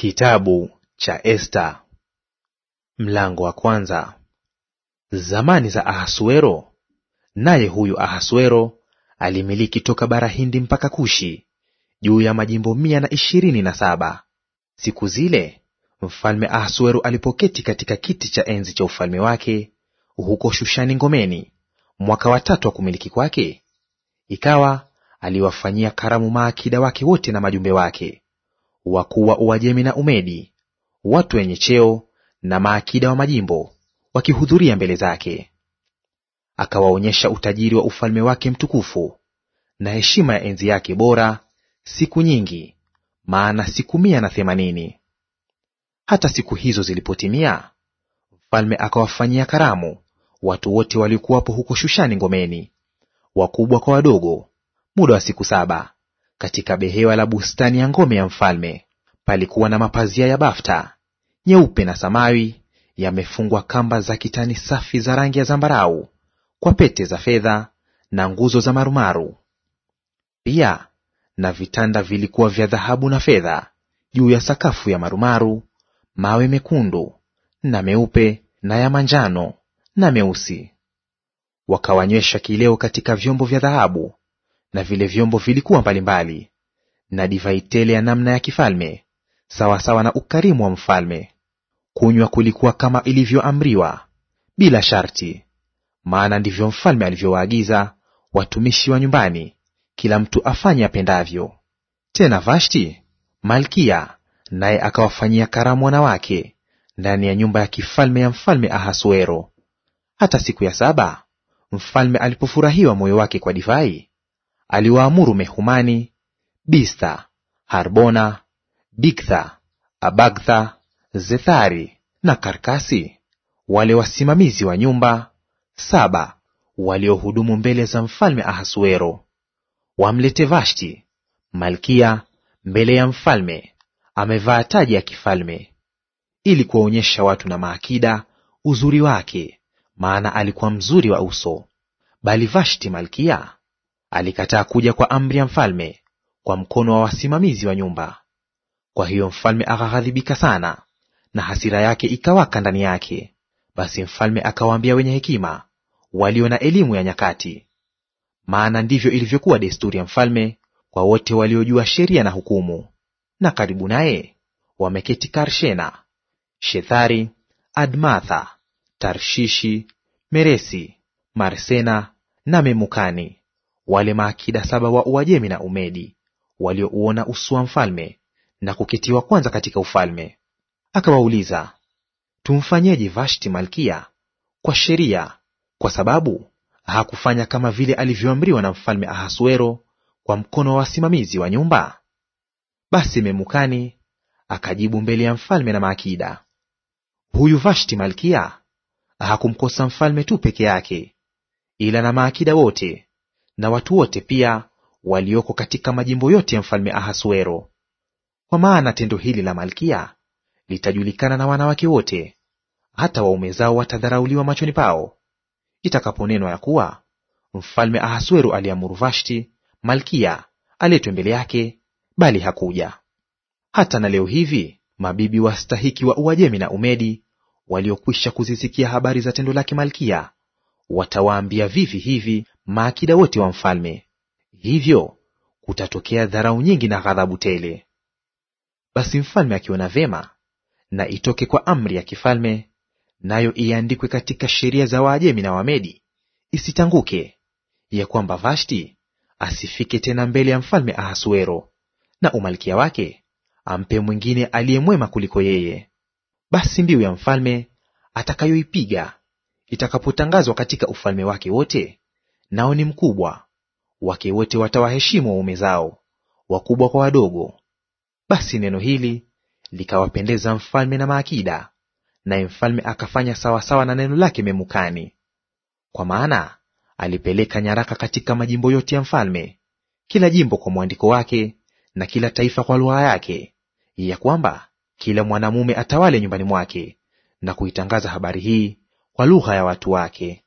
Kitabu cha Esta mlango wa kwanza. Zamani za Ahasuero, naye huyu Ahasuero alimiliki toka bara Hindi mpaka Kushi juu ya majimbo mia na ishirini na saba. Siku zile mfalme Ahasuero alipoketi katika kiti cha enzi cha ufalme wake huko Shushani ngomeni, mwaka wa tatu wa kumiliki kwake, ikawa aliwafanyia karamu maakida wake wote na majumbe wake wakuu wa Uajemi na Umedi, watu wenye cheo na maakida wa majimbo wakihudhuria mbele zake. Akawaonyesha utajiri wa ufalme wake mtukufu na heshima ya enzi yake bora siku nyingi, maana siku mia na themanini. Hata siku hizo zilipotimia, mfalme akawafanyia karamu watu wote waliokuwapo huko Shushani ngomeni, wakubwa kwa wadogo, muda wa siku saba katika behewa la bustani ya ngome ya mfalme palikuwa na mapazia ya bafta nyeupe na samawi, yamefungwa kamba za kitani safi za rangi ya zambarau kwa pete za fedha na nguzo za marumaru. Pia na vitanda vilikuwa vya dhahabu na fedha juu ya sakafu ya marumaru, mawe mekundu na meupe na ya manjano na meusi. Wakawanywesha kileo katika vyombo vya dhahabu na vile vyombo vilikuwa mbalimbali, na divai tele ya namna ya kifalme, sawasawa na ukarimu wa mfalme. Kunywa kulikuwa kama ilivyoamriwa, bila sharti, maana ndivyo mfalme alivyowaagiza watumishi wa nyumbani, kila mtu afanye apendavyo. Tena Vashti malkia naye akawafanyia karamu wanawake ndani ya nyumba ya kifalme ya mfalme Ahasuero. Hata siku ya saba mfalme alipofurahiwa moyo wake kwa divai, aliwaamuru Mehumani, bista Harbona, Bigtha, Abagtha, Zethari na Karkasi, wale wasimamizi wa nyumba saba waliohudumu mbele za mfalme Ahasuero, wamlete Vashti malkia mbele ya mfalme amevaa taji ya kifalme, ili kuwaonyesha watu na maakida uzuri wake, maana alikuwa mzuri wa uso. Bali Vashti malkia alikataa kuja kwa amri ya mfalme kwa mkono wa wasimamizi wa nyumba. Kwa hiyo mfalme akaghadhibika sana, na hasira yake ikawaka ndani yake. Basi mfalme akawaambia wenye hekima walio na elimu ya nyakati, maana ndivyo ilivyokuwa desturi ya mfalme kwa wote waliojua sheria na hukumu. Na karibu naye wameketi Karshena, Shethari, Admatha, Tarshishi, Meresi, Marsena na Memukani wale maakida saba wa Uajemi na Umedi waliouona uso wa mfalme na kukitiwa kwanza katika ufalme. Akawauliza, tumfanyeje Vashti malkia kwa sheria, kwa sababu hakufanya kama vile alivyoamriwa na mfalme Ahasuero kwa mkono wa wasimamizi wa nyumba? Basi Memukani akajibu mbele ya mfalme na maakida, huyu Vashti malkia hakumkosa mfalme tu peke yake, ila na maakida wote na watu wote pia walioko katika majimbo yote ya mfalme Ahasuero. Kwa maana tendo hili la malkia litajulikana na wanawake wote, hata waume zao watadharauliwa machoni pao, itakaponenwa ya kuwa mfalme Ahasuero aliamuru Vashti malkia aletwe mbele yake, bali hakuja. Hata na leo hivi mabibi wastahiki wa Uajemi na Umedi waliokwisha kuzisikia habari za tendo lake malkia watawaambia vivi hivi maakida wote wa mfalme; hivyo kutatokea dharau nyingi na ghadhabu tele. Basi mfalme akiona vyema, na itoke kwa amri ya kifalme, nayo iandikwe katika sheria za Waajemi na Wamedi, isitanguke, ya kwamba Vashti asifike tena mbele ya mfalme Ahasuero, na umalkia wake ampe mwingine aliye mwema kuliko yeye. Basi mbiu ya mfalme atakayoipiga itakapotangazwa katika ufalme wake wote nao ni mkubwa; wake wote watawaheshimu waume zao, wakubwa kwa wadogo. Basi neno hili likawapendeza mfalme na maakida, naye mfalme akafanya sawasawa na neno lake memukani. Kwa maana alipeleka nyaraka katika majimbo yote ya mfalme, kila jimbo kwa mwandiko wake, na kila taifa kwa lugha yake, ya kwamba kila mwanamume atawale nyumbani mwake, na kuitangaza habari hii kwa lugha ya watu wake.